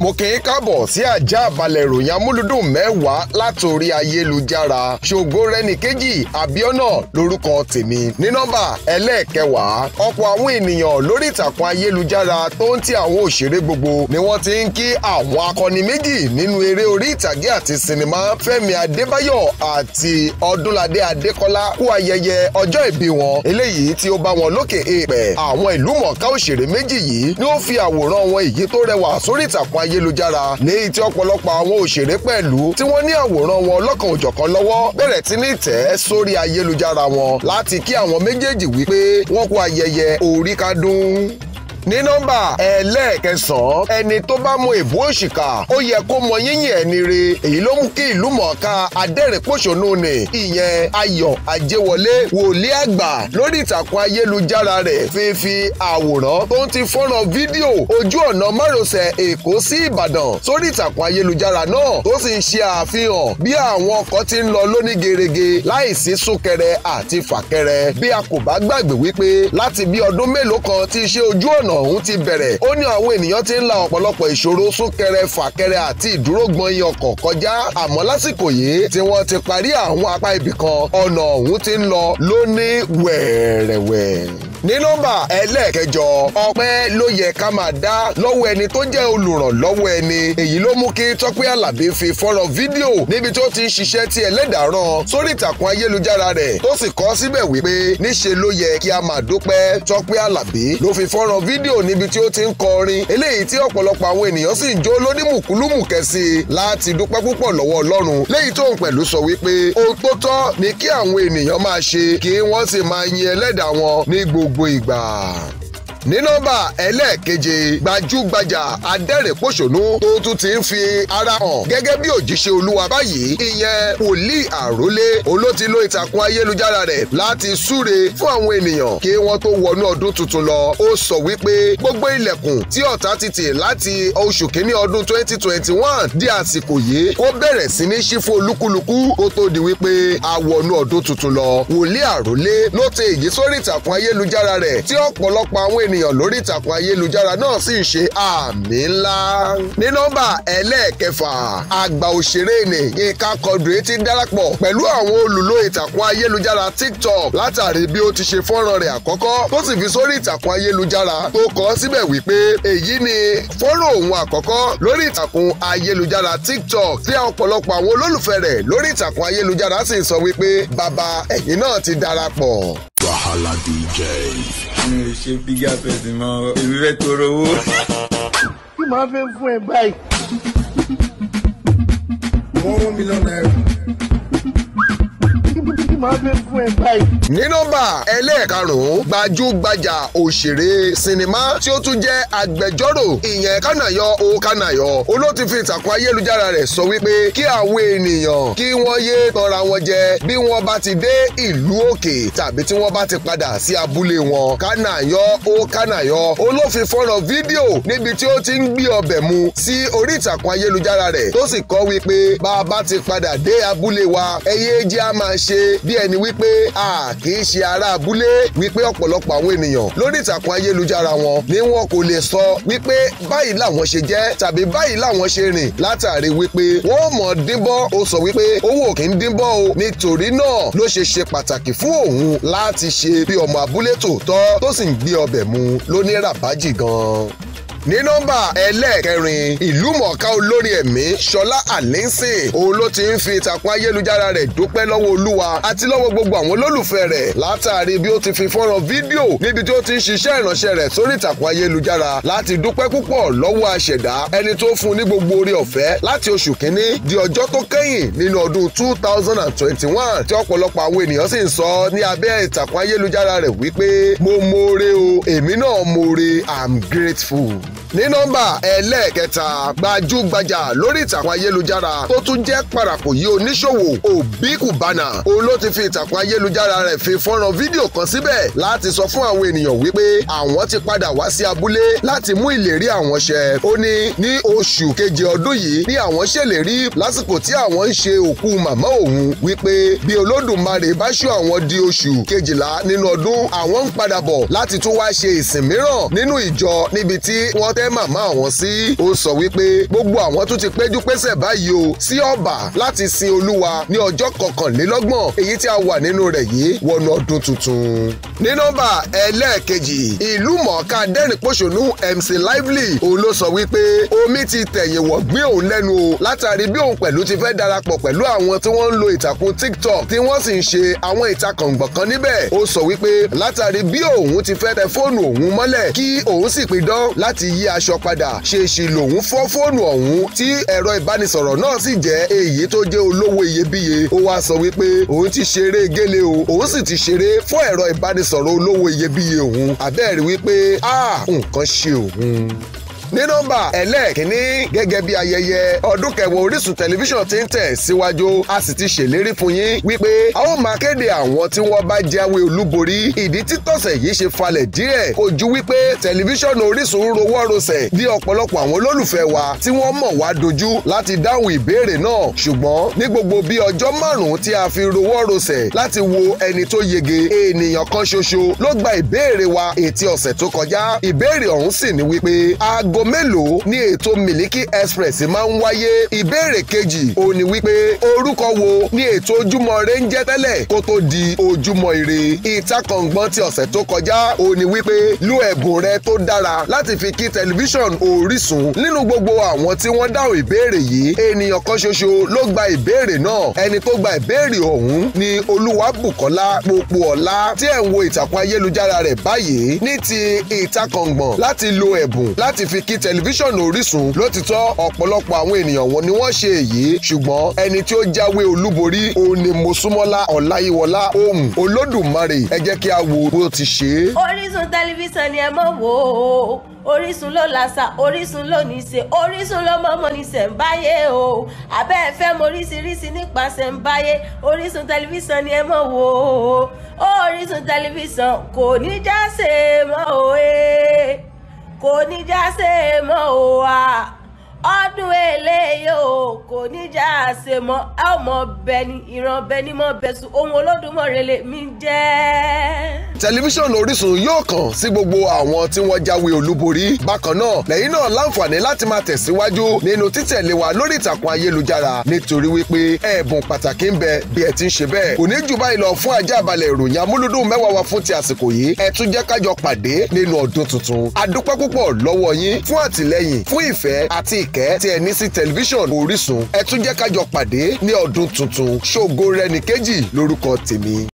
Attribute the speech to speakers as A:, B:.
A: mo kì í káàbọ̀ sí àjà àbálẹ̀ ìròyìn amúlùdùn mẹ́wàá látòrí ayélujára ṣògo rẹnìkejì abiona lórúkọ tèmi ní nọ́mbà ẹlẹ́ẹ̀kẹwàá ọ̀pọ̀ àwọn ènìyàn lórí ìtàkùn ayélujára tó ń ti àwọn òṣèré gbogbo ni wọ́n ti ń kí àwọn akọni méjì nínú eré orí ìtàgé àti sinimá Fẹ́mi Adébáyọ̀ àti Ọdúnladé Adékọ́lá kú ayẹyẹ ọjọ́ ìbí wọn eléyìí tí ó bá wọn lókè èèpẹ̀ àwọn ìlúmọ̀ọ́ká òṣèré méjì yìí ni ó fi àwòrán wọn èyí ayélujára ní ìtí ọ̀pọ̀lọpọ̀ àwọn òṣèré pẹ̀lú tí wọ́n ní àwòrán wọn lọ́kàn òjọ̀kan lọ́wọ́ bẹ̀rẹ̀ tí ní tẹ̀ sórí ayélujára wọn láti kí àwọn méjèèjì wípé wọ́n kú ayẹyẹ oríkádún ní nọ́mbà ẹlẹ́ẹ̀kẹsàn-án ẹni tó bá mọ èbú òṣìkà ó yẹ kó mọ yíyìn ẹni re èyí ló mú kí ìlú mọ̀ọ́ká adẹ́rìnpòṣónú ni ìyẹn ayọ̀ àjẹwọlé wòlíì àgbà lórí ìtàkùn ayélujára rẹ̀ fífi àwòrán tó ń ti fọ́nrán fídíò ojú ọ̀nà márosẹ̀ èkó sí ìbàdàn sórí ìtàkùn ayélujára náà tó sì ń ṣe àfihàn bí àwọn ọkọ̀ ti ń lọ lóní gerege láìsí súnkẹrẹ àti fàkẹrẹ bí a kò bá gbàgbé wípé láti bí ọdún mélòó kan ti ṣe ojú ọ̀nà ọ̀hún ti bẹ̀rẹ̀ ó ní àwọn ènìyàn ti ń la ọ̀pọ̀lọpọ̀ ìṣòro súnkẹrẹ fàkẹrẹ àti ìdúrógbọ̀n iye ọkọ̀ kọjá àmọ́ lásìkò yìí tí wọ́n ti parí àwọn apá ibì ọ̀nà ọ̀hún ti ń lọ lóní wẹ̀ẹ̀rẹ̀wẹ̀ ní nọ́mbà ẹlẹ́ẹ̀kẹjọ ọpẹ́ ló yẹ ká máa dá lọ́wọ́ ẹni tó jẹ́ olùrànlọ́wọ́ ẹni èyí ló mú kí tọ́pẹ́ alábí fi fọ́nrán fídíò níbi tó ti ń ṣiṣẹ́ tí ẹlẹ́dàá rán sórí ìtàkùn ayélujára rẹ̀ tó sì kọ́ síbẹ̀ wípé níṣe ló yẹ kí a máa dúpẹ́ tọ́pẹ́ alábí ló fi fọ́nrán fídíò níbi tí ó ti ń kọ orin eléyìí tí ọ̀pọ̀lọpọ̀ àwọn ènìyàn sì ń jó lónímùkúlùmùkẹ́ sí i láti dúpẹ́ púpọ̀ lọ́wọ́ ọlọ́run léyìí tó ń pẹ̀lú sọ wípé ohun tó ni kí àwọn ènìyàn máa ṣe kí wọ́n sì máa gbogbo ìgbà ní nọ́mbà ẹlẹ́ẹ̀keje gbajúgbajà adẹ́rìnpòṣónú tó tún ti ń fi ara hàn gẹ́gẹ́ bí òjíṣẹ́ olúwa báyìí ìyẹn wòlíì àrólé olóti lo ìtàkùn ayélujára rẹ̀ láti súre fún àwọn ènìyàn kí wọ́n tó wọnú ọdún tuntun lọ ó sọ wípé gbogbo ilẹ̀kùn tí ọ̀tá ti tì láti oṣù kínní ọdún 2021 di àsìkò yìí kó bẹ̀rẹ̀ sí ní ṣí fún olúkúlùkù kó tó di wípé a wọnú ọdún tuntun lọ wòlíì àrólé ló ti èyí sórí ìtàkùn ayélujára rẹ̀ ènìyàn lórí ìtàkùn ayélujára náà sì ṣe àmì ńlá. ní nọ́mbà ẹlẹ́ẹ̀kẹfà àgbà òṣèré ni Yínká Quadri ti darapọ̀ pẹ̀lú àwọn olùlò ìtàkùn ayélujára TikTok látàrí bí ó ti ṣe fọ́nrán rẹ̀ àkọ́kọ́ tó sì fi sórí ìtàkùn ayélujára tó kọ síbẹ̀ wípé èyí ni fọ́nrán òun àkọ́kọ́ lórí ìtàkùn ayélujára TikTok tí ọ̀pọ̀lọpọ̀ àwọn olólùfẹ́ rẹ̀ lórí ìtàkùn ayélujára sì sọ wípé baba ẹ̀yin náà ti darapọ̀. Wahala DJ mi ò ṣe bíga pẹ̀sì mọ́ èmi fẹ́ tọrọ owó. kí màá fẹ́ fún ẹ báyìí. one one million naira máa gbé fún ẹ báyìí. ní nọ́mbà ẹlẹ́ẹ̀karùn-ún gbajúgbajà òṣèré sinimá tí ó tún jẹ́ agbẹjọ́rò ìyẹn kánàyọ o kánàyọ olóòtú fi ìtàkùn ayélujára rẹ̀ sọ wípé kí àwọn ènìyàn kí wọ́n yé tanra wọn jẹ bí wọ́n bá ti dé ìlú òkè tàbí tí wọ́n bá ti padà sí abúlé wọn kánàyọ o kánàyọ olófin fọ́nrán fídíò níbi tí ó ti ń gbé ọbẹ̀ mu sí orí ìtàkùn ayélujára rẹ̀ tó sì kọ wípé bá a bá ti padà dé abúlé wa ẹ̀yẹ́ jẹ́ bí ẹni wípé a kì í ṣe ará abúlé wípé ọ̀pọ̀lọpọ̀ àwọn ènìyàn lórí ìtàkùn ayélujára wọn ni wọn kò lè sọ wípé báyìí làwọn ṣe jẹ́ tàbí báyìí làwọn ṣe rìn látàrí wípé wọn mọ̀ dínbọ́ ó sọ wípé owó kì í dínbọ́ o nítorí náà ló ṣe ṣe pàtàkì fún òun láti ṣe bí ọmọ abúlé tòótọ́ tó sì ń gbé ọbẹ̀ mu lóníràbájì gan-an ní nọ́mbà ẹlẹ́ẹ̀kẹrin ìlúmọ̀ọ́ká olórin ẹ̀mí ṣọlá àlínsìn òun ló ti ń fi ìtàkùn ayélujára rẹ̀ dúpẹ́ lọ́wọ́ olúwa àti lọ́wọ́ gbogbo àwọn olólùfẹ́ rẹ̀ látàrí bí ó ti fi fọ́nrán fídíò níbi tí ó ti ń ṣiṣẹ́ ìránṣẹ́ rẹ̀ sórí ìtàkùn ayélujára láti dúpẹ́ púpọ̀ lọ́wọ́ àṣẹ̀dá ẹni tó fún ní gbogbo oore ọ̀fẹ́ láti oṣù kínní di ọjọ́ tó kẹ́yìn nínú ọdún two thousand and twenty-one tí ọ̀pọ̀lọpọ̀ àwọn ènìyàn sì ń sọ ní abẹ́ ìtàkùn ayélujára rẹ̀ wípé mo mọ̀ọ́re o èmi náà mọ̀ọ́re I'm grateful ní nọ́mbà ẹlẹ́ẹ̀kẹta gbajúgbajà lórí ìtàkùn ayélujára tó tún jẹ́ parapọ̀ yìí oníṣòwò Obi Cubana òun ló ti fi ìtàkùn ayélujára rẹ̀ fi fọ́nrán fídíò kan síbẹ̀ láti sọ fún àwọn ènìyàn wípé àwọn ti padà wá sí abúlé láti mú ìlérí àwọn ṣẹ ó ní ní oṣù keje ọdún yìí ní àwọn ṣèlérí lásìkò tí àwọn ń ṣe òkú màmá òun wípé bí Olódùmarè bá ṣú àwọn di oṣù kejìlá nínú ọdún àwọn ń padà bọ̀ láti tún wá ṣe ìsìn mìíràn nínú ìjọ níbi tí wọ́n tẹ́ jẹ́ màmá àwọn sí ó sọ wípé gbogbo àwọn tún ti péjú pésẹ̀ báyìí o sí ọ̀bà láti sin olúwa ní ọjọ́ kọkànlélọ́gbọ̀n èyí tí a wà nínú rẹ̀ yìí wọnú ọdún tuntun. ní nọ́mbà ẹlẹ́ẹ̀kejì ìlú mọ̀ọ́ká dẹ́rìn-pọ̀ṣọ́nù MC Lively òun ló sọ wípé omi ti tẹ̀yìn wọ̀gbìn òun lẹ́nu o látàrí bí òun pẹ̀lú ti fẹ́ darapọ̀ pẹ̀lú àwọn tí wọ́n ń lo ìtàkùn TikTok tí wọ́n sì ń ṣe àwọn ìtakọ̀ǹgbọ̀n kan níbẹ̀ ó sọ wípé látàrí bí òun ti fẹ́ tẹ fóònù òun mọ́lẹ̀ kí òun sì pidán láti yí aṣọ padà ṣèṣì lòun fọ́ fóònù ọ̀hún tí ẹ̀rọ ìbánisọ̀rọ̀ náà sì jẹ́ èyí tó jẹ́ olówó iyebíye ó wá sọ wípé òun ti ṣeré gélé o òun sì ti ṣeré fún ẹ̀rọ ìbánisọ̀rọ̀ olówó iyebíye òun àbẹ́ẹ̀rí wípé ah nǹkan ṣe òun ní nọ́mbà ẹlẹ́ẹ̀kínní gẹ́gẹ́ bí ayẹyẹ ọdún kẹwàá Orísun tẹlifíṣàn ti ń tẹ̀ síwájú a sì ti ṣèlérí fún yín wípé a ó máa kéde àwọn tí wọ́n bá jáwé olúborí ìdí tí tọ̀sẹ̀ yìí ṣe falẹ̀ díẹ̀ kò ju wípé tẹlifíṣàn Orísun rowọ́ rosẹ̀ di ọ̀pọ̀lọpọ̀ àwọn olólùfẹ́ wa tí wọ́n mọ̀ wá dojú láti dáhùn ìbéèrè náà ṣùgbọ́n ní gbogbo bí ọjọ́ márùn-ún tí a fi rowọ́ rosẹ̀ láti wo ẹni tó yege ènìyàn kan ṣoṣo ló gba ìbéèrè wa ètí ọ̀sẹ̀ tó kọjá ìbéèrè ọ̀hún sì ni aago mélòó ni ètò Miliki Express máa ń wáyé ìbéèrè kejì ó ní wípé orúkọ wo ni ètò ojúmọ́ rẹ ń jẹ́ tẹ́lẹ̀ kó tó di ojúmọ́ ire ìtakọ̀ngbọ́n ti ọ̀sẹ̀ tó kọjá ó ní wípé lo ẹ̀bùn rẹ tó dára láti fi kí tẹlifíṣàn Orísun nínú gbogbo àwọn tí wọ́n dáhùn ìbéèrè yìí ènìyàn kan ṣoṣo ló gba ìbéèrè náà ẹni tó gba ìbéèrè ọ̀hún ni Olúwabùkọ́lá Pópóọlá tí ẹ̀ ń wo ìtàkùn ayélujára rẹ̀ báyìí ní ti ìtakọ̀ngbọ̀n láti lo ẹ̀bùn láti fi kí ògidì tẹlifíṣàn Orísun lótìtọ́ ọ̀pọ̀lọpọ̀ àwọn ènìyàn wọn ni wọ́n ṣe èyí ṣùgbọ́n ẹni tí ó jáwé olúborí òun ni Mosúnmọ́lá Ọláyíwọlá Òun Olódùmarè ẹ jẹ́ kí a wo bó ti ṣe é. Orísun tẹlifíṣàn ni ẹ mọ̀ wò ó Orísun ló làṣà Orísun ló ní ṣe Orísun ló mọ́mọ́ ní ṣẹ̀ǹbáyé o abẹ́ ẹ fẹ́ mọ̀ oríṣiríṣi nípa ṣẹ̀ǹbáyé Orísun tẹlifíṣàn ni ẹ mọ̀ wò ó Orísun tẹlifíṣàn kò ní já ṣe mọ́ òye kò ní já ṣe mọ́ o wa ọdún eléyìí o kò ní já ṣe mọ́ ẹ ò mọ bẹni ìran bẹni mọ́ bẹ̀sùn ohun Olódùmarè lèmi jẹ́ tẹlifíṣàn Orísun yóò kàn sí gbogbo àwọn tí wọ́n jáwé olúborí bákan náà lẹ́yìn náà láǹfààní láti máa tẹ̀síwájú nínú títẹ̀lé wa lórí ìtàkùn ayélujára nítorí wípé ẹ̀bùn pàtàkì ń bẹ bí ẹ ti ń ṣe bẹ́ẹ̀ kò ní jù báyìí lọ fún ajá balẹ̀ ìròyìn amúlùdùn mẹ́wàá wa fún ti àsìkò yìí ẹ tún jẹ́ kájọ pàdé nínú ọdún tuntun adúpẹ́ púpọ̀ lọ́wọ́ yín fún àtìlẹ́yìn fún ìfẹ́ àti ìkẹ́ tí ẹ ní sí tẹlifíṣàn Orísun ẹ tún jẹ́ kájọ pàdé ní ọdún tuntun ṣògo rẹ̀ nìkejì lórúkọ tèmi